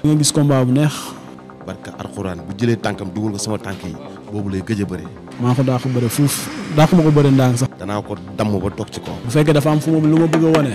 di nga gis combat bu neex. barka alxuraan bu jëlee tànkam dugul ko sama tànk yi boobu lay gëj a bëri. maa ko daa ko bëri fuuf daa ko ma ko bëri ndànk sax. danaa ko damm ba toog ci kaw. bu fekkee dafa am fu mu lu ma bëgg a wane.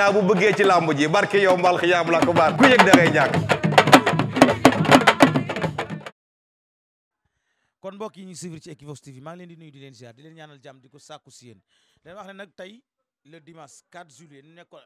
naa bu bëggee ci làmb ji barke yow mbal xiyaam la ko baal ku yëg da ngay ñàkk kon mbokk yi ñu suivre ci Equivox TV maa ngi leen di nuyu di leen ziar di leen ñaanal jàmm di ko sàkku si yéen dañ wax ne nag tey le dimanche 4 juillet ñu nekkoon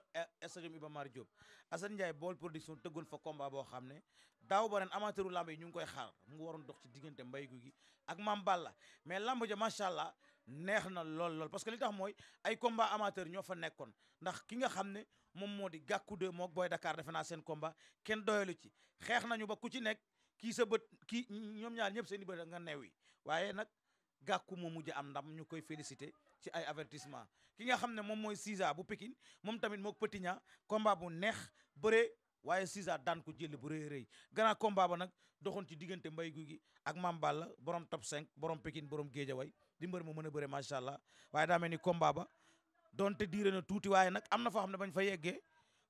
stadium Iba Mar Diop Assane Ndiaye bool production tëggoon fa combat boo xam ne daaw ba ren amateuru lamb yi ñu ngi koy xaar mu waroon dox ci diggante mbay gu gi ak Mame Balla mais lamb ja macha allah neex na lool lool parce que li tax mooy ay combat amateur ñoo fa nekkoon ndax ki nga xam ne moom moo di gàkku de mook booy Dakar defe naa seen combat kenn doyalu ci xeex nañu ba ku ci nekk kii sa bët kii ñoom ñaar ñëpp seen i bët nga neew yi waaye nag gàkku moo mujj am ndam ñu koy félicité ci ay avertissement ki nga xam ne moom mooy Sisa bu Pikine moom tamit mook Petit Ña combat bu neex bëree waaye Cisa daan ko jël bu rëy rëy grand combat ba nag doxoon ci diggante mbay gu gi ak Mame Balla borom top 5 borom Pikine borom way di mbër mu mën a bëre macha allah waaye daa mel ni combat ba donte diire na tuuti waaye nag am na foo xam ne bañ fa yeggee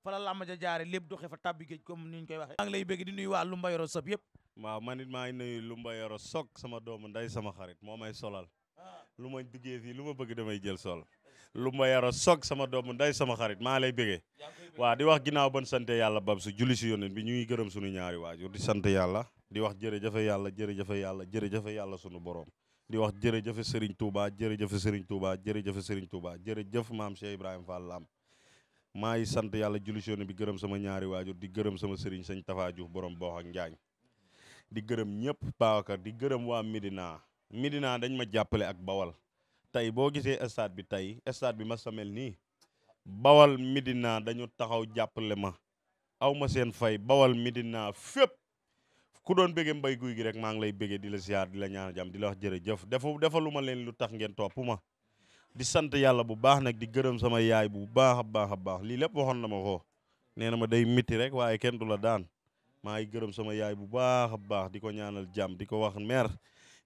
fa la làmb ja jaare lépp doxee fa tàbbi géej comme ni ñu koy waxe maa ngi lay bëgg di nuyu waa Lumba Yoro Sob yëpp. waaw man it maa ngi nuyu Lumba Yoro Sob sama doomu nday sama xarit moo may solal. Ah. lu ma duggee fii lu ma bëgg damay jël sol. lu ma yara soog sama doomu nday sama xarit maa lay bëggee waa di wax ginnaaw ban sante yàlla bab su julli si yónneen bi ñu ngi gërëm suñu ñaari waajur di sant yàlla di wax jërëjëfe yàlla jërëjëfe yàlla jërëjëfe yàlla suñu borom di wax jërëjëfe Serigne Touba jërëjëfe Serigne Touba jërëjëfe Serigne Touba jërëjëf maam Cheikh Ibrahima Fall Lam maa ngi sant yàlla julli si yónneen bi gërëm sama ñaari waajur di gërëm sama Serigne Sëñ Tafa Diouf borom boox ak njaañ di gërëm ñëpp Babacar di gërëm waa Medina Medina dañ ma jàppale ak Bawal tey boo gisee stade bi tey stade bi ma samel nii bawal Medina dañu taxaw jàppale ma aw ma seen fay bawal Medina fépp ku doon bëgge mbay guy gi rek maa ngi lay bëgge di la ziar di la ñaan jàmm di la wax jërëjëf defa defaluma leen lu tax ngeen topp ma di sant yàlla bu baax nag di gërëm sama yaay bu baax a baax a baax lii lépp waxoon na ma ko nee na ma day miti rek waaye kenn du la daan maa ngi gërëm sama yaay bu baax a baax di ko ñaanal jàmm di ko wax mer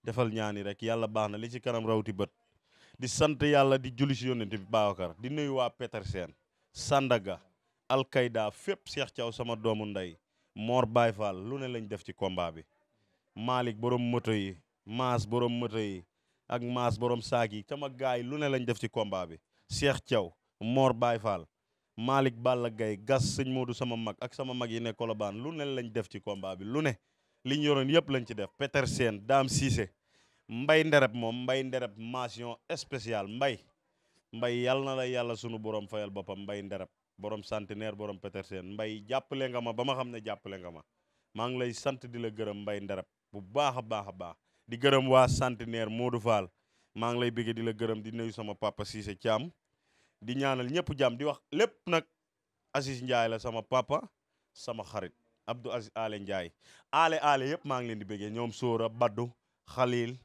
defal ñaani rek yàlla baax na li ci kanam rawti bët di sant yàlla di julli si yónnent bi Babacar di nuyu waa Petersen Sandaga Alkayda fépp Cheikh caw sama doomu ndey Mor Baye lu ne lañ def ci combat bi Malick borom moto yi Maas borom moto yi ak Maas borom saak yi sama gaay lu ne lañ def ci combat bi Cheikh Thiaw Mor Baye Fall Malick Balla Gaye gas sëñ Modou sama mag ak sama mag yi ne Colobane lu ne lañ def ci combat bi lu ne liñ yoroon yëpp lañ ci def Petersen Dame Cissé mbay ndereb moom mbay ndereb mention spéciale mbay mbay yàlla na la yàlla sunu borom fayal boppam mbay ndereb borom centenaire borom Petersen mbay jàppale nga ma bama xam ne jàppale nga ma maa ngi lay sant di la gërëm mbay ndereb bu baax a baax a baax di gërëm waa centenaire Modou Fall maa ngi lay bëgg di la gërëm di nuyu sama papa Cissé Thiam di ñaanal ñëpp jàmm di wax lépp nag Aziz Ndiaye la sama papa sama xarit Abdou Aziz Ale Ndiaye ale ale yëpp maa ngi leen di bëggee ñoom Sora Badou Khalil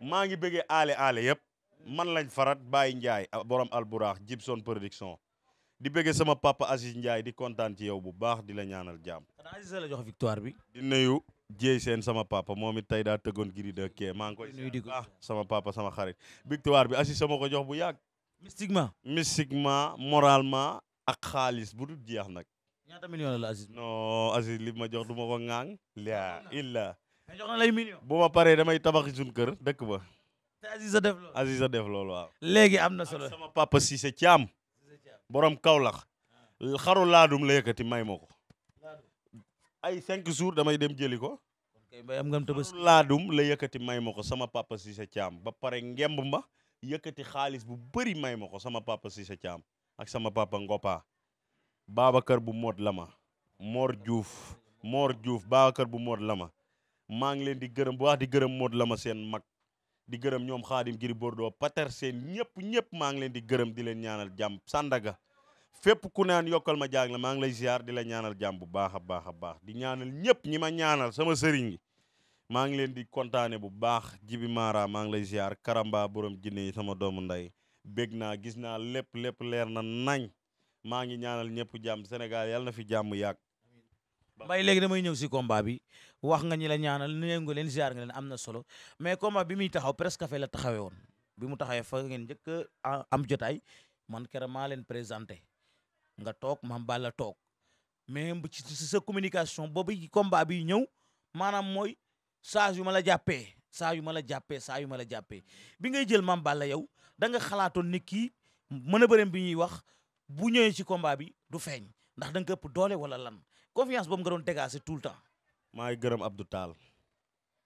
maa ngi bëggee aale aale yëpp man lañ farat Baye a ah, borom alburaax Gibson production di bëggee sama papa Aziz Ndiaye di kontaan ci yow bu baax di la ñaanal jàmm. xanaa Aziz la jox victoire bi. di nuyu jéey seen sama papa moom it tey daa tëggoon giri de kee maa ngi koy. sama papa sama xarit victoire bi Aziz sama ko jox bu yàgg. mystiquement. mystiquement moralement ak xaalis bu dul jeex nag. ñaata million li ma jox du ma ko ŋaang. la illa jox na lay million paree damay tabaxi suñu kër dëkk ba. te Aziza def loolu waaw. léegi am na solo sama papa Cissé Thiam. borom Kaolack. xaru laadum la yëkkati may ma ko. ay cinq jours damay dem jëli ko. am nga xaru laadum la yëkkati may ma ko sama papa Cissé Thiam ba pare ngemb ma yëkkati xaalis bu bëri may ma ko sama papa Cissé Thiam ak sama papa Ngopa. kër bu Mod Lama. Mor Diouf Mor Diouf Babacar bu Mod Lama. maa ngi leen di gërëm bu wax di gërëm Modou la ma seen mag di gërëm ñoom xaadim Giri Bordeaux pater seen ñëpp ñëpp maa ngi leen di gërëm di leen ñaanal jàmm Sandaga fépp ku naan yokkal ma jaag la maa ngi lay ziar di la ñaanal jàmm bu baax a baax a baax di ñaanal ñëpp ñi ma ñaanal sama sëriñ gi maa ngi leen di kontaane bu baax jibi maara maa ngi lay ziar karamba borom jinne sama doomu nday bég naa gis naa lépp lépp leer na nañ maa ngi ñaanal ñëpp jàmm Sénégal yàlla na fi jàmm yàgg. wax nga ñi la ñaanal nuyu nga leen ziar nga leen am na solo mais combat bi muy taxaw presque café la taxawee woon bi mu taxawee fa ngeen njëkk am jotaay man keroog maa leen présenté nga toog maam Balla toog mais ci sa communication boobu combat bi ñëw maanaam mooy saa yu ma la jàppee saa yu ma la jàppee saa yu ma la jàppee bi ngay jël maam Balla yow da nga xalaatoon ni kii mën a bëreem bi ñuy wax bu ñëwee ci combat bi du feeñ ndax da nga ëpp doole wala lan confiance boobu nga doon dégager tout le temps. maa ngi gërëm Abdou Tall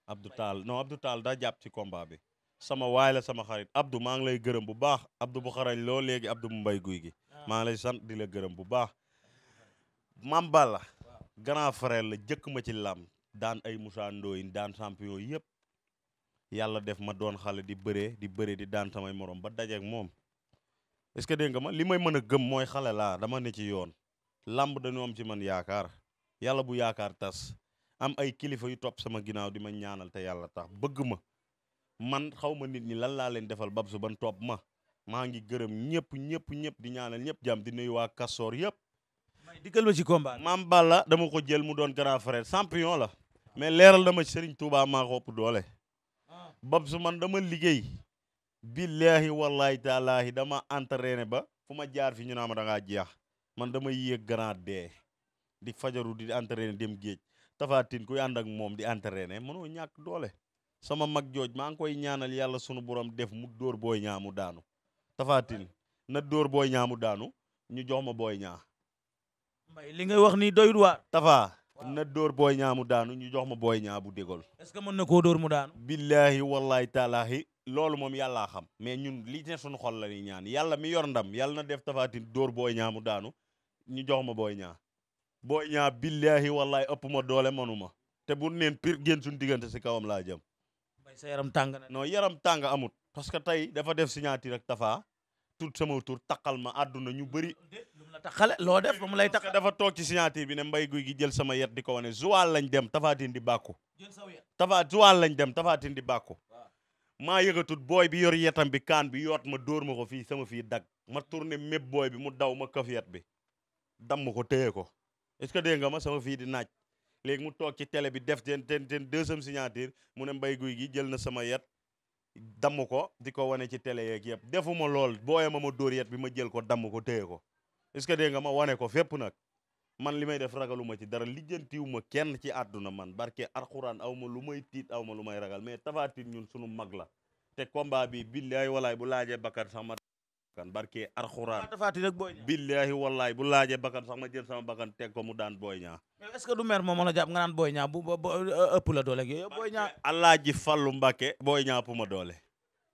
Abdou Tall non Abdou Tall daa jàpp ci combat bi sama waay la sama xarit Abdou maa ngi lay gërëm bu baax Abdou bu xarañ loo léegi Abdou mu mbay guy gi ah. maa ngi lay sant di la gërëm bu baax Mam Balla grand la jëkk ma ci làmb daan ay Moussa Ndoye daan champion yëpp yàlla def ma doon xale di bëree di bëree di daan morom ba dajeek moom est que dégg nga ma li may mën a gëm mooy xale dama ne ci yoon làmb dañu am ci man yaakaar yàlla bu yaakaar tas am ay kilifa yu top sama ginnaaw di ma ñaanal te yàlla ta bëgg ma man xaw ma nit ñi lan laa leen defal bab ban topp ma maa ngi gërëm ñëpp ñëpp ñëpp di ñaanal ñëpp jam di nuyu waa Kasoor yëpp. digal ma ci combat maam Balla dama ko jël mu doon grand frère champion la. mais leeral dama ci Serigne Touba maa doole. bab su man dama liggéey. billahi wallahi taalaahi dama entraîné ba fu ma jaar fi ñu naa ma da ngaa jeex man dama yéeg grand dee di fajaru di entraîné dem géej tafaatin ku ànd ak moom di entraîner mënoo ñàkk doole sama mag jooj maa ngi koy ñaanal yàlla sunu borom def mu dóor booy ñaa mu daanu tafaatin na dóor booy ñaamu daanu ñu jox ma booy ñaa mbay li ngay wax ni doyul waar tafaa na dóor booy ñaamu daanu ñu jox ma booy ñaa bu dégol est que mën na koo dóor mu daanu billaahi wallaahi taalaahi loolu moom yàllaa xam mais ñun li ne sunu xol la ni ñaan yàlla mi yor ndam yàlla na def tafaatin dóor booy ñaa mu daanu ñu jox ma booy ñaa booy ñaa billahi wallahi ëpp ma doole manuma te bu neen pire génn suñu diggante si kawam laa jëm. bay sa yaram tàng na yaram tàng amut. parce que tey dafa def signature ak Tafa. tout sama tur takkal ma àdduna ñu bëri. takkale loo def ba mu lay takk dafa toog ci signature bi ne mbay guy gi jël sama yet di ko wane Joal lañ dem Tafatin di bàkku. sa yet Tafa Joal lañ dem Tafatin di bàkku. maa yëgatut booy bi yor yetam bi kaan bi yoot ma dóor ma ko fii sama fii dag ma ne mépp booy bi mu daw ma këf yet bi dam ko téye ko. est-ce que dégg nga ma sama fii di naaj léegi mu toog ci télé bi def ten ten ten deuxième signature mu ne mbay guy gi jël na sama yet damm ko di ko wane ci télé yeeg yëpp defuma lool booye ma ma dóor yet bi ma jël ko damm ko téye ko est-ce que dégg nga ma wane ko fépp nag man li may def ragaluma ci dara lijjantiwuma kenn ci àdduna man barke arxuraan aw ma lu may tiit aw ma lu may ragal mais Tapha Tine ñun sunu mag la te combat bi billaay walaay bu laajee bakkan sax ma kan barke arxuraan billaahi wallaahi bu laajee bakkan sax ma jël sama bakkan teg ko mu daan booy ñaa mais est-ce que du mer moom la jàpp nga naan booy ñaa bu euh, ëpp la doole ak yooyu booy ñaa alaaji fallu mbàkke booy ñaa ëpp ma doole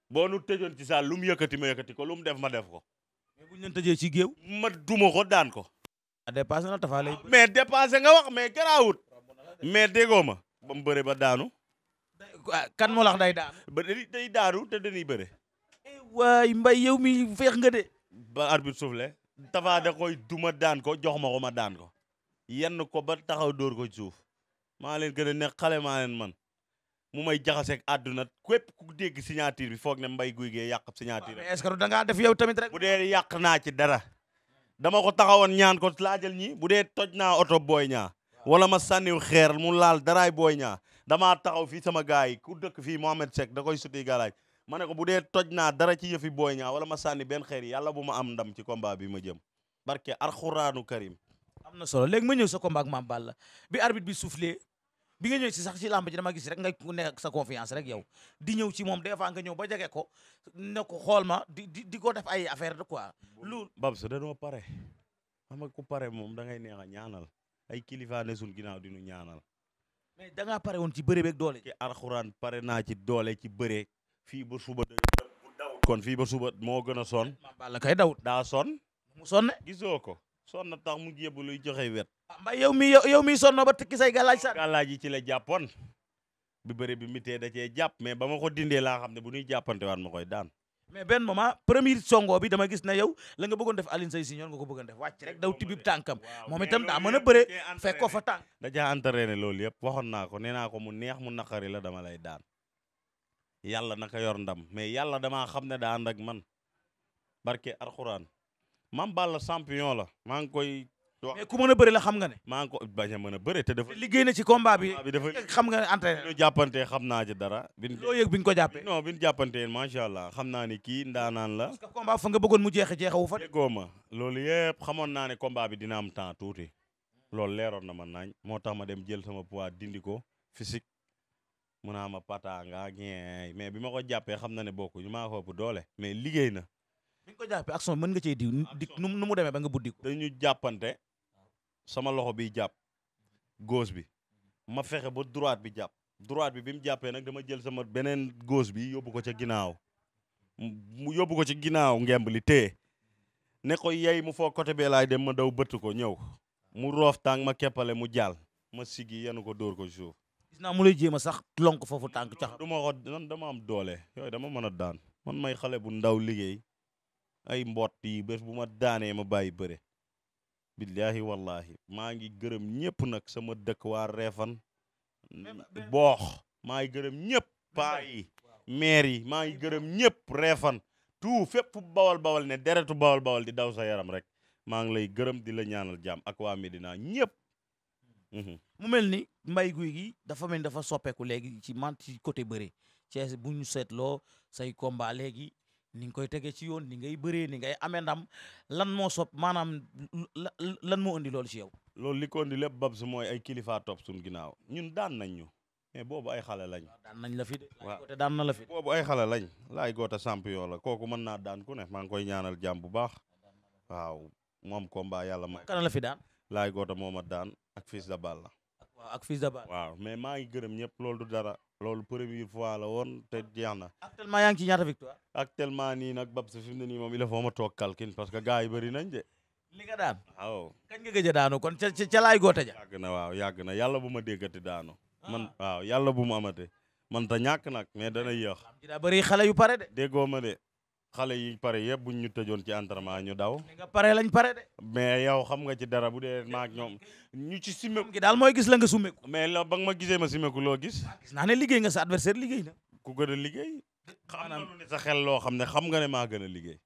boo nu tëjoon ci saal lu yëkkati ma yëkkati ko lu mu def ma def ko mais buñu leen tëjee ci géew ma duma ko daan ko a ah, dépassé na tafa lay mais dépassé nga wax mais garaawut mais déggoo ma ba mu bëre ba daanu ah, kan moo day daanu ba day daanu te dañuy bëre waay mbay yow mi feex nga de. ba arbitre soufflé Tapha da koy duma daan ko jox ma ko ma daan ko. yenn ko ba taxaw dóor ko suuf maa leen gën a nekk xale maa man mu may jaxaseeg àdduna képp ku dégg signature bi foog ne mbay guy gee yàq signature. mais est-ce que da ngaa def yow tamit rek. bu dee yàq naa ci dara. dama ko taxawoon ñaan ko laajal ñi bu dee toj naa oto booy ñaa wala ma sànniw xeer mu laal daraay booy ñaa damaa taxaw fii sama gars yi ku dëkk fii Mohamed Seck da koy suti galaaj ma ne ko bu dee toj naa dara ci yëfi booy ñaa wala ma sànni benn xeer yàlla bu ma am ndam ci combat bi ma jëm barke alxuraanu karim am na solo léegi ma ñëw sa combat ak Mame Balla bi arbitre bi soufflé bi nga ñëw si sax ci lamb ji dama gis rek nga nekk sa confiance rek yow di ñëw ci moom des fois nga ñëw ba jege ko ne ko xool ma di di ko def ay affaire de quoi lu bab su dañoo pare xam nga ku pare moom da ngay neex a ñaanal ay kilifa ne suñ ginnaaw di ñu ñaanal mais danga ngaa pare woon ci bëre beeg doole ci pare naa ci doole ci bëre fii ba suba kon fii ba suba moo gën a sonn. Balla kay dawut daa son mu sonne gisoo ko. son na tax mu jéem luy joxe wet. ah mbay yow mi yow mi sonn ba tekki say galaaj sax. galaaj yi ci la jàppoon. bi bëri bi mi tee da cee jàpp mais ba ma ko dindee laa xam ne bu ñuy jàppante waat ma koy daan. mais benn moment premier songo bi dama gis na yow la nga bëggoon def Alioune Seye Junior nga ko bëggoon def wàcc rek daw tibib tànkam moom itam daa mën a bëre fekk ko fa tànk. da caa entraîné loolu yëpp waxoon naa ko nee naa ko mu neex mu naqari la dama lay daan. yàlla naka yor ndam mais yàlla damaa xam ne daa ànd ak man barke alxuraan Mame Balla champion la maa ngi koy. mais ku mën a bëri la xam nga ne. maa ngi ko bañ a mën a bëri te dafa. liggéey na ci combat bi xam nga ne bi ñu jàppante xam naa ci dara. bin loo yëg bi ko jàppee. non bi ñu jàppante macha allah xam naa ni kii ndaanaan la. parce que combat nga bëggoon mu jeexe jeexewu fa. déggoo ma loolu yëpp xamoon naa ne combat bi dina am temps tuuti. loolu leeroon na ma naañ moo tax ma dem jël sama poids dindi ko physique mu naa ma pata nga ñeey mais bi ma ko jàppee xam na ne bokkuñu maa ko bu doole mais liggéey na. bi nga ko jàppee action man nga cee diw di nu mu demee ba nga buddi ko. dañu jàppante sama loxo bi jàpp gauche bi ma fexe ba droite bi jàpp droite bi bi mu jàppee nag dama jël sama beneen gauche bi yóbbu ko ca ginnaaw mu yóbbu ko ci ginnaaw ngemb li téye ne ko yey mu foo côté bee laay dem ma daw bët ko ñëw mu roof tàng ma keppale mu jàll ma siggi yenu ko dóor ko suuf gis naa mu lay jéem a sax lonk foofu tànk cax du ma ko man dama am doole yooyu dama mën a daan man may xale bu ndaw liggéey ay mboot yi bés bu ma daanee ma bàyyi bëre billaahi wallaahi maa ngi gërëm ñëpp nag sama dëkk waa reefan boox maa ngi gërëm ñëpp paa yi maa ngi gërëm ñëpp reefan tout fépp fu bawal bawal ne deretu bawal bawal di daw sa yaram rek maa ngi lay gërëm di la ñaanal jàmm ak waa Medina ñëpp Mm-hmm. mu mel ni mbay guy gi dafa mel ni dafa soppeeku léegi ci man ci côté bëre Cees bu ñu seetloo say combat léegi ni nga koy tege ci yoon ni ngay bëree ni ngay amee ndam lan moo sopp maanaam lan moo indi loolu si yow. loolu li ko lépp bab su mooy ay kilifa topp suñu ginnaaw ñun daan nañ ñu mais boobu ay xale lañ. daan nañ la fi de. waaw daan na la fi ay xale lañ. laay goota champion la kooku mën naa daan ku ne maa ngi koy ñaanal jàmm bu baax waaw moom combat yàlla ma. kan la fi daan. laay goota moo ma daan ak Fils de Balla. waaw ak Fils mais maa ngi gërëm ñëpp lool du dara. loolu première fois la woon te jeex na. actuellement yaa ngi ci ñaata victoire. actuellement nii nag Babs fi mu ne nii moom il faut ma toog calcul parce que gars yi bëri nañ de. li daan. waaw kañ a daanu kon ca na waaw yàgg na yàlla bu ma déggati daanu. Ah. man waaw yàlla bu ma amate man ta ñàkk nag mais dana yéex. am ci daa bëri xale pare de. déggoo ma de xale yi pare yëpp buñ ñu tëjoon ci entraînement ñu daw. nga pare lañ pare de. mais yow xam nga ci dara bu dee maak ñoom ñu ci simmeeku. gi gis la nga summeeku. la ba nga ma gisee ma simmeeku loo gis. Ah, gis naa ne liggéey nga sa adversaire liggéey na. ku gën a liggéey. xanaa ne sa xel loo xam ne xam nga ne maa gën a liggéey.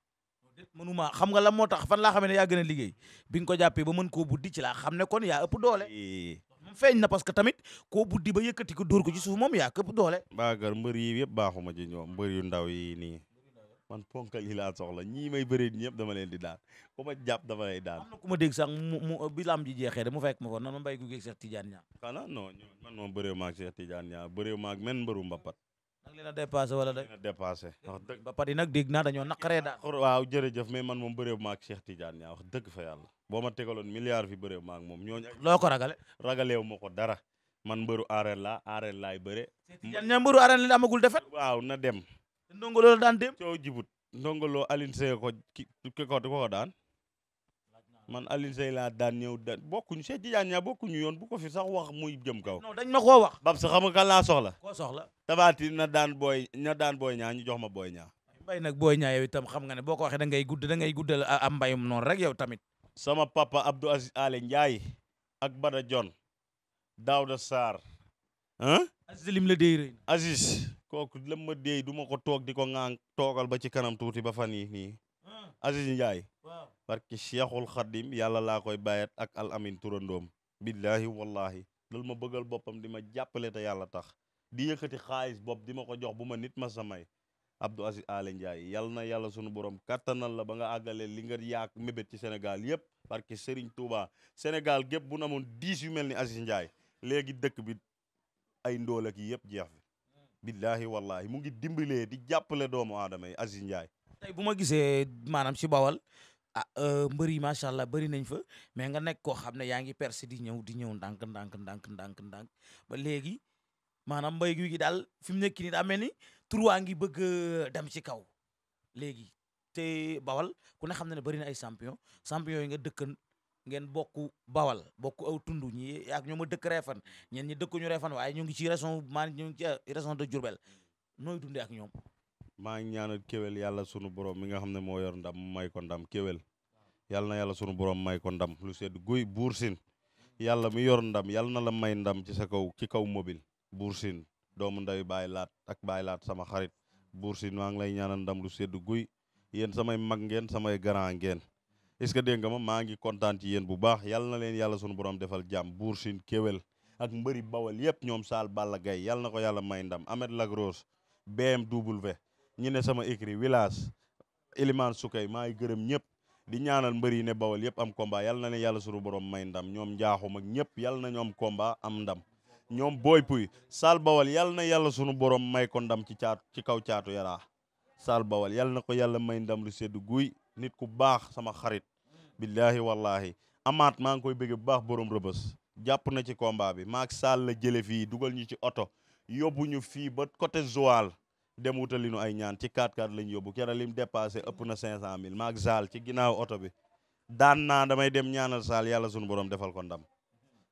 mënuma xam la moo tax fan laa xam ne a liggéey bi nga ko jàppee ba mën koo buddi ci laa xam ne kon yaa ëpp doole. moom feeñ na parce tamit koo buddi ba yëkkati ko dóor ko ci suuf moom yaa ëpp doole. baagar mbër man ponkal yi laa soxla ñii may bëri ñëpp dama leen di daan ku ma jàpp dama bi lamb ji jeexee de mu fekk ma ko nan ma mbéy gu geeg Cheikh Tidiane Niang. xanaa non man moom bëree ma ak Cheikh bëree ma ak men mbëru a dépassé a dépassé wax dëgg. man moom bëree ma ak Cheikh Tidiane fa yàlla. boo ma tegaloon milliard fi bëree ma ak moom ñooñu. loo ko ragale ragaleew ma ko dara man mbëru aareel laa aareel laay bëre. Cheikh Tidiane Niang mbëru aareel da amagul defet na dem ndongo loo daan dem coow jibut ndongo loo Alioune Seye ko man Alioune Seye laa daan ñëw daan bokkuñu Cheikh Tidiane Niang bokkuñu yoon bu ko fi sax wax muy jëm kaw. non dañ ma koo wax. Babs xam nga kan laa soxla. koo soxla tabaati na daan booy na daan booy ñaa ñu jox ma booy ñaa. mbay nag booy ñaa yow itam xam nga ne boo ko waxee da ngay gudd da ngay guddal am mbayum noonu rek yow tamit. sama papa Abdou Aziz Ale Ndiaye ak Bada John Daouda Sarr. ah. Aziz lim la déy Aziz. kooku lama ma déey du ma ko toog di ko ŋaan toogal ba ci kanam tuuti ba fan yi nii hmm. Aziz Ndiaye barki Cheikhul Khadim yàlla laa koy bàyyat ak al amin turandoom billaahi wallahi loolu ma bëggal boppam di ma jàppale te yàlla tax di yëkkati xaalis bopp di ma ko jox bu ma nit ma may Abdou Aziz Aly Ndiaye yal na yàlla sunu borom kattanal la ba nga àggale li nga yaak mébét ci Sénégal yëpp barki Serigne Touba Sénégal gépp bu na moon dix yu mel ni Aziz Ndiaye léegi dëkk bi ay ndool yëpp jeex billaahi wallaahi mu ngi dimbalee di jàppale doomu aadama yi Aziz Ndiaye. bu ma gisee maanaam ci bawal ah euh, mbër yi macha allah bari nañ fa mais nga nekk koo xam ne yaa ngi percé di ñëw di ñëw ndànk ndànk ndànk ndànk ndànk ba léegi maanaam mbéy gi daal fi mu nekk nii daa mel ni tur waa ngi bëgg euh, dem ci kaw léegi te bawal ku ne xam na ne bari na ay champion champion yi nga dëkkan ngeen bokku bawal bokku aw tund ñi ak ñooma dëkk reefan ñeen ñi dëkkuñu reefan waaye ñu ngi ci région maa ñu ngi ci euh, région de Diourbel nooy dundee ak ñoom maa ngi ñaanal kéwél yàlla sunu borom mi nga xam ne moo yor ndam may ko ndam kéwél yàlla na yàlla sunu borom may ko ndam lu sedd guy buur sin yàlla mi yor ndam yàlla na la may ndam ci sa kaw ci kaw mobile buur sin doomu nday bàyyi laat ak baay laat sama xarit buur sin maa ngi lay ñaanal ndam lu sedd guy yéen samay mag ngeen samay gara ngeen est-ce que dégg nga ma maa ngi kontaan ci yéen bu baax yàlla na leen yàlla sunu borom defal jàmm buur siin kéwél ak mbëri bawal yëpp ñoom Saal Balla Gaye yàlla na ko yàlla may ndam Ahmed Lagros BMW ñu ne sama écrit village Elimane Soukay maa ngi gërëm ñëpp di ñaanal mbër yi ne bawal yëpp am combat yàlla na leen yàlla sunu borom may ndam ñoom njaaxum ak ñëpp yàlla na ñoom komba am ndam ñoom booy puy Saal Bawal yàlla na yàlla sunu borom may ko ndam ci caatu ci kaw caatu yara Saal Bawal yàlla na ko yàlla may ndam lu sedd guy nit ku baax sama xarit billaahi wallaahi amaat maa ngi koy bëgg bu baax borom rëbës jàpp na ci combat bi maak Sall la jële fii dugal ñu ci oto yóbbu ñu fii ba côté Joal dem wutali ñu ay ñaan ci 4-4 lañ yóbbu kera lim dépassé ëpp na 500000 maak Sall ci ginnaaw oto bi daan naa damay dem ñaanal Sall yàlla sunu borom defal ko ndam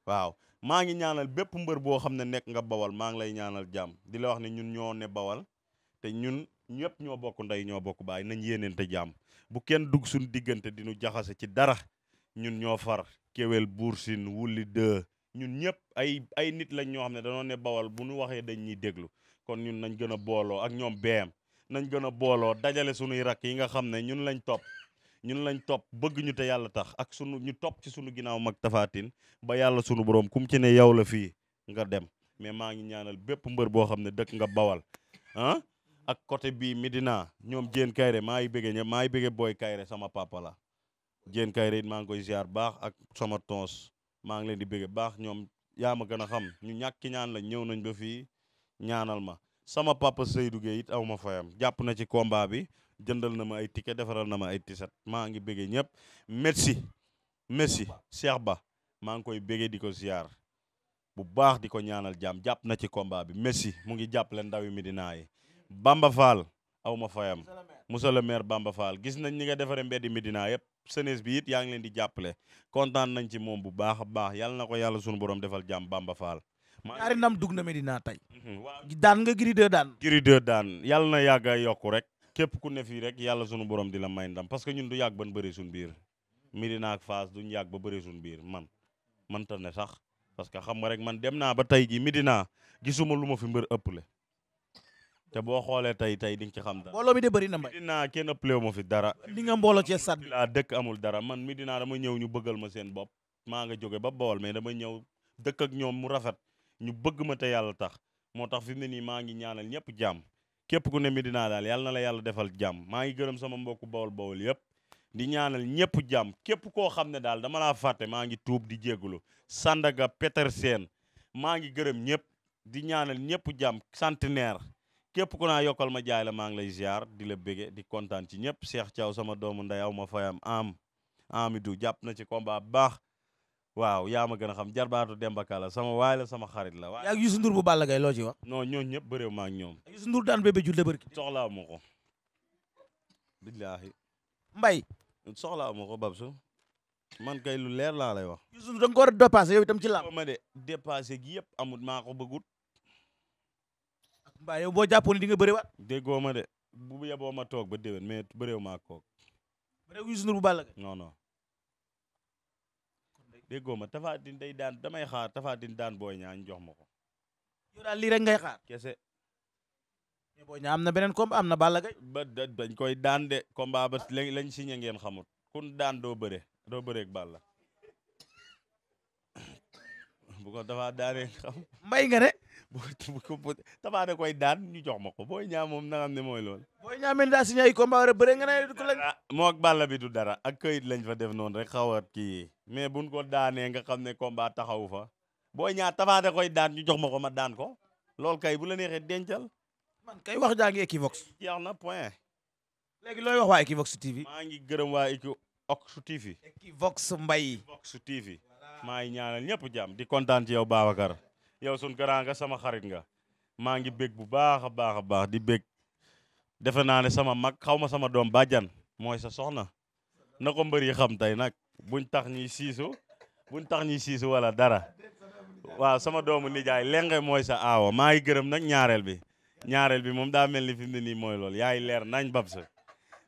waaw maa ngi ñaanal bépp mbër boo xam ne nekk nga bawal maa ngi lay ñaanal jàmm di la wax ne ñun ñoo ne bawal te ñun ñëpp ñoo bokk ndey ñoo bokk baay nañ yéeneente jàmm bu kenn dugg suñu diggante di ñu jaxase ci dara ñun ñoo far kéwél buur siin wulli dë ñun ñëpp ay ay nit lañ ñoo xam ne danoo ne bawal bu ñu waxee dañ ñuy déglu kon ñun nañ gën a booloo ak ñoom beem nañ gën a booloo dajale suñuy rakk yi nga xam ne ñun lañ topp ñun lañ topp bëgg ñu te yàlla tax ak sunu ñu topp ci sunu ginnaaw mag tafaatin ba yàlla sunu borom kum ci ne yow la fii nga dem mais maa ngi ñaanal bépp mbër boo xam ne dëkk nga bawal ah? ak côté bii Medina ñoom Diène Kayre maa ngi bëggee ñëpp maa ngi bëggee Boy Kayre sama papa la Diène Kayre it maa ngi koy ziar baax ak sama toos maa ngi leen di bëggee baax ñoom yaa ma gën a xam ñu ñàkk ñaan la ñëw nañ ba fii ñaanal ma sama papa Seydou Gueye it aw ma fayam jàpp na ci combat bi jëndal na ma ay ticket defaral na ma ay tiset maa ngi bëggee ñëpp merci merci Cheikh Ba maa ngi koy bëggee di ko ziar bu baax di ko ñaanal jàmm jàpp na ci combat bi merci mu ngi jàppale ndawi Medina yi Bamba Fall aw ma fayam monsieur le maire Bamba faal gis nañ ñi nga defaree mbeddi midina yëpp senes bi it yaa ngi leen di jàppale kontaan nañ ci moom bu baax a baax yàlla na ko yàlla sunu borom defal jàmm Bamba Fall. ñaari ndam dugg na Medina tey. Mhm, daan nga giri daan. giri daan yàlla na yàgg a yokku rek képp ku ne fii rek yàlla sunu borom di la may ndam parce que ñun du yàgg ban bëri suñu biir. Medina ak Fass duñ yàgg ba bëri suñu biir man man ta ne sax parce que xam nga rek man dem naa ba tey ji midina gisuma lu ma fi mbër ëpple te boo xoolee tey tey di nga ci xam dara. mbooloo mi de bëri na mbay. Medina kenn ëppalewu ma fi dara. li nga mbooloo cee sàdd. laa dëkk amul dara man Medina dama ñëw ñu bëggal ma seen bopp maa nga jóge ba Bawol mais dama ñëw dëkk ak ñoom mu rafet ñu bëgg ma te yàlla tax moo tax fi mu ne nii maa ngi ñaanal ñëpp jàmm képp ku ne Medina daal yàlla yàlla defal jàmm maa ngi gërëm sama mbokku Bawol Bawol yëpp di ñaanal ñëpp jàmm képp koo xam ne daal dama laa fàtte maa ngi tuub di jégalu Sandaga Petersen maa ngi gërëm ñëpp di ñaanal ñëpp jàmm centenaire képp ku naa yokkal ma jaay la maa ngi lay ziar di la bége di kontaan ci ñëpp Cheikh Thiaw sama doomu ndey aw ma fayam am Amidou jàpp na ci combat bu baax waaw yaa ma gën a xam jarbaatu Demba Kala sama waay sama xarit la. waaw yaa ngi Youssou Ndour bu Balla Gaye loo ci wax. non ñooñu ñëpp bëreew ma ak ñoom. Youssou Ndour daan bébé Jules de barki. soxlaa Babsu. man kay lu leer laa lay wax. Youssou a dépassé yow ma gi yëpp amut maa ko bëggut. mbaa yow boo jàppoon di nga bëriwaat. déggoo ma de bu yeboo ma toog ba déwén mais bëriw maa koog. bëriw Youssou Ndour bu Balla Gaye. non non déggoo ma Tapha Tine day daan damay xaar Tapha daan Boy Niang jox ma ko. yow lii rek ngay xaar. kese. mais Boy na beneen combat am na Balla Gaye. ba dañ koy daan de combat ba lañ si signé ngeen xamul. kun daan doo bëre doo bëre ak Balla bu ko dafa daanee nga ne. bu ko tabaare koy daan ñu jox ma ko booy ñaa moom na xam ne mooy lool booy ñaa mel daa signé ay combat war a bëre ko ah, ah, moo ak balla bi du dara ak kayit lañ fa def noonu rek xaw a kii mais buñ ko daanee nga xam ne ko combat taxawu fa booy ñaa tabaare koy daan ñu jox ma ko ma daan ko loolu kay bu la neexee dencal. man kay wax jaa ngi Equivox. jeex na point. léegi looy wax waa Equivox ngi gërëm waa Equivox TV. Equivox Mbaye. Equivox TV. maa ngi ñaanal ñëpp jàmm di kontaan ci yow Babacar. yow sun grand nga sama xarit nga maa ngi bég bu baax a baax a baax di bég defe naa ne sama mag xaw ma sama doom bàjjan mooy sa soxna na ko mbër yi xam tey nag buñ tax ñuy siisu buñ tax ñuy siisu wala dara waa sama doomu nijaay lenge mooy sa aawa maa ngi gërëm nag ñaareel bi ñaareel bi moom daa mel ni fi ni ne nii mooy loolu yaay leer nañ bab sa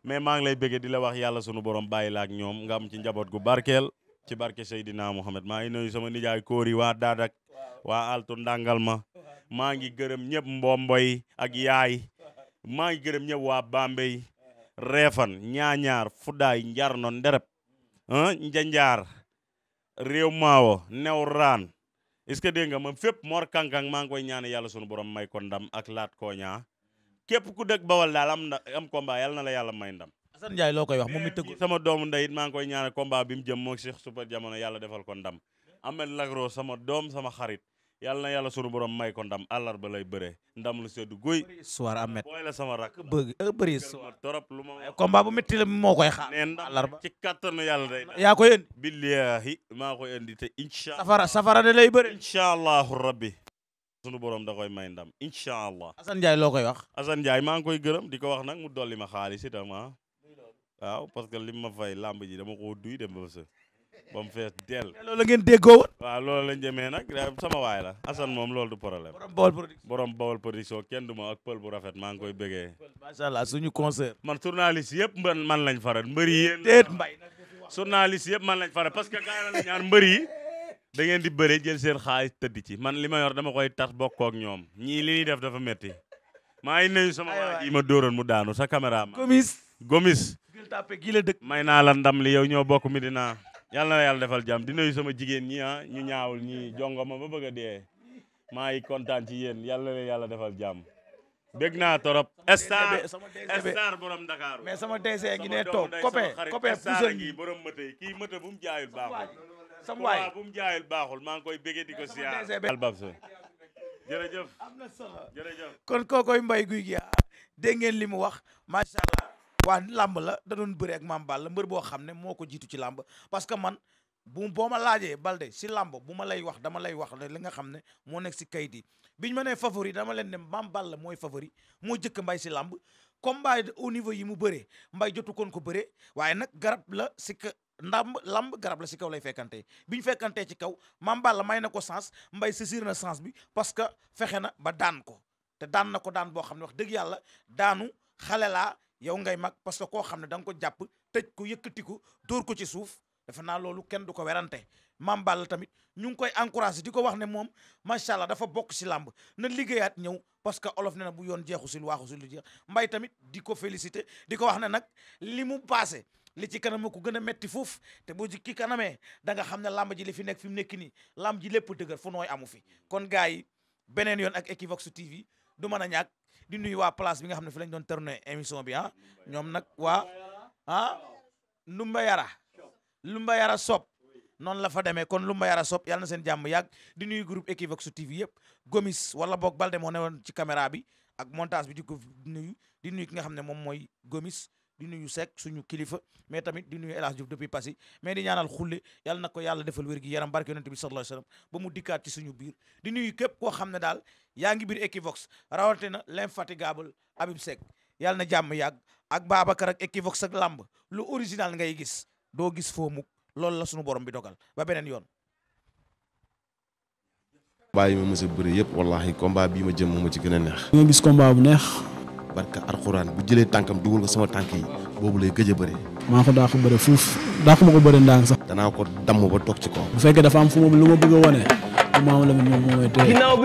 mais maa ngi lay bëggee di la wax yàlla sunu borom bàyyi la ak ñoom nga am ci njaboot gu barkeel ci barke Seydina Mohamed maa ngi nuyu sama nijaay kóor yi waa Daadak waa altu ndàngal ma ngi gërëm ñëpp mbomboy ak yaay maa ngi gërëm ñëpp waa Bambey reefan ñaañaar fudaay njarno nderep ah, njanjaar réew maawo new raan est-ce nga ma fépp mor kankang maa ngi koy ñaan yàlla sunu borom may ko ndam ak laat kooñaa képp ku dëkk bawal daal am am combat na la yàlla may ndam Assane Ndiaye loo koy wax moom doomu ndey it ngi koy ñaanal combat bi mu jëm moog Cheikh Super Jamono yàlla defal ko ndam Ahmed Lagro sama doom sama xarit yàlla yàlla sunu borom may ko ndam àllarba lay bëree ndam lu seddu guy. soir Ahmed booy la eh, moo koy xaar àllarba ci kattanu yàlla day yaa koy indi billahi maa koy indi te incha safara safara da lay bëri incha koy may ndam incha allah koy wax Assane maa ngi koy gërëm di ko wax nag mu dolli ma xaalis itam ah. waaw parce que li ma fay làmb ji dama koo duy dem ba sa ba mu fees dell. loolu la ngeen déggoo woon. waaw loolu lañ demee nag sama waay la. Assane moom loolu du problème. borom Bawol production borom Bawol production kenn du ma ak pël bu rafet maa ngi koy bëggee. macha allah suñu concert. man journaliste yëpp man man lañ faral mbëri yéen. déet mbay journaliste yëpp man lañ faral parce que gars la ñaar mbëri yi. da ngeen di bëre jël seen xaalis tëdd ci man li ma yor dama koy tas bokkoo ak ñoom ñii li ñuy def dafa metti maa ngi nuyu sama waa ji ma dóoroon mu daanu sa caméra. gomis gomis. Tappé gi may naa la ndam li yow ñoo bokk Medina yàlla na yàlla defal jàmm di nuyu sama jigéen ñi ah ñu ñaawul ñi jongoma ba bëgg a dee maa kontaan ci yéen yàlla na yàlla defal jàmm. bég naa torop. star eh, eh, eh, star borom Dakar. mais sama DC gi ne toog copé copé puusal gi borom mëtëy kii mëtë bu mu jaayul baaxul. sama waay bu mu jaayul maa ngi koy bégee di ko siyaar. jërëjëf jërëjëf kon kookoy mbay guy gi ah, dégg ngeen li wax macha waa làmb la da doon bëre ak maam Balla mbër boo xam ne moo ko jiitu ci làmb parce que man bu boo ma laajee Balde si lamb bu ma lay wax dama lay wax ne li nga xam ne moo nekk si kayit yi biñ ma nee favori dama leen ne maam Balla mooy favori moo jëkk bay si làmb comme mbaay au niveau yi mu bëree mbay jotu koon ko bëree waaye nag garab la si ka ndam lamb garab la si kaw lay fekkante bi ñu fekkantee ci kaw maam Balla may na ko sens mbay saisir na sens bi parce que fexe na ba daan ko te daan na ko daan boo xam ne dëgg yàlla yow ngay mag parce que koo xam ne da nga ko jàpp tëj ko yëkkati ko dóor ko ci suuf defe naa loolu kenn du ko werante Mame Balla tamit ñu ngi koy encouragé di ko wax ne moom macha allah dafa bokk si làmb na liggéeyaat ñëw parce que olof ne na bu yoon jeexu si lu waaxu si lu jeex mbay tamit di ko félicité di ko wax ne nag li mu passé li ci kanam ko gën a metti foofu te bu ci ki kanamee da nga xam ne lamb ji li fi nekk fi mu nekk nii làmb ji lépp dëgër fu nooy amu fi kon gars yi beneen yoon ak Equivox TV du mën a ñàkk di nuyu waa place bi nga xam ne fi lañ doon terminé émission bi ah ñoom nag waa ah Lumba Yara Lumba Yara Sob noonu la fa demee kon Lumba Yara Sob yàlla seen jàmm yàgg di nuy groupe Equivox TV yëpp Gomis wala boog Balde moo ne ci caméra bi ak montage bi di ko nuyu di nuyu ki nga xam ne moom mooy Gomis di nuyu Seck suñu kilifa mais tamit di nuyu El Hadj Diouf depuis Passy mais di ñaanal xulle yàlla na ko yàlla defal wér gi yaram barke yonent bi sallallahu alayhi ba mu dikkaat ci suñu biir di nuyu képp koo xam ne daal yaa ngi biir Equivox rawatina l'infatigable Habib Seck yàlla na jàmm yàgg ak Babacar ak Equivox ak lamb lu original ngay gis doo gis foo mukk loolu la suñu borom bi dogal ba beneen yoon. combat yi a ma jëm moo ci gën barka alxuraan bu jëlee tànkam dugal ko sama tànk yi boobu lay gëj a bëri. maa ko daa ko bëri fuuf daa ko ma ko sax. danaa ko damm ba toog ci kaw. bu fekkee dafa am fu mu lu ma bëgg a Maama Lamine moom mooy tey. ginnaaw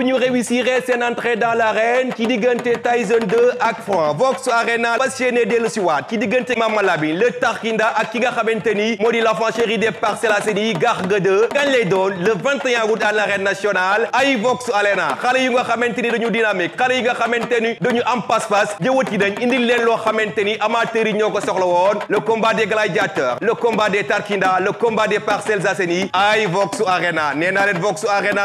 bi Vox Arena passionné dellu ki nga xamante ni moo di l'enfant chéri des Parcelles Assainies Garga 2 gañ lay doon le 21 août à l'arène nationale ay Vox yu nga xamante ni dañu dynamique xale yi nga xamante ni dañu am pas-pas jëwat yi dañ indil loo xamante ni amateurs yi ñoo ko soxla woon le combat des gladiateurs le combat des Tarkinda le combat des Parcelles Assainies ay Vox Arena nee naa Vox Arena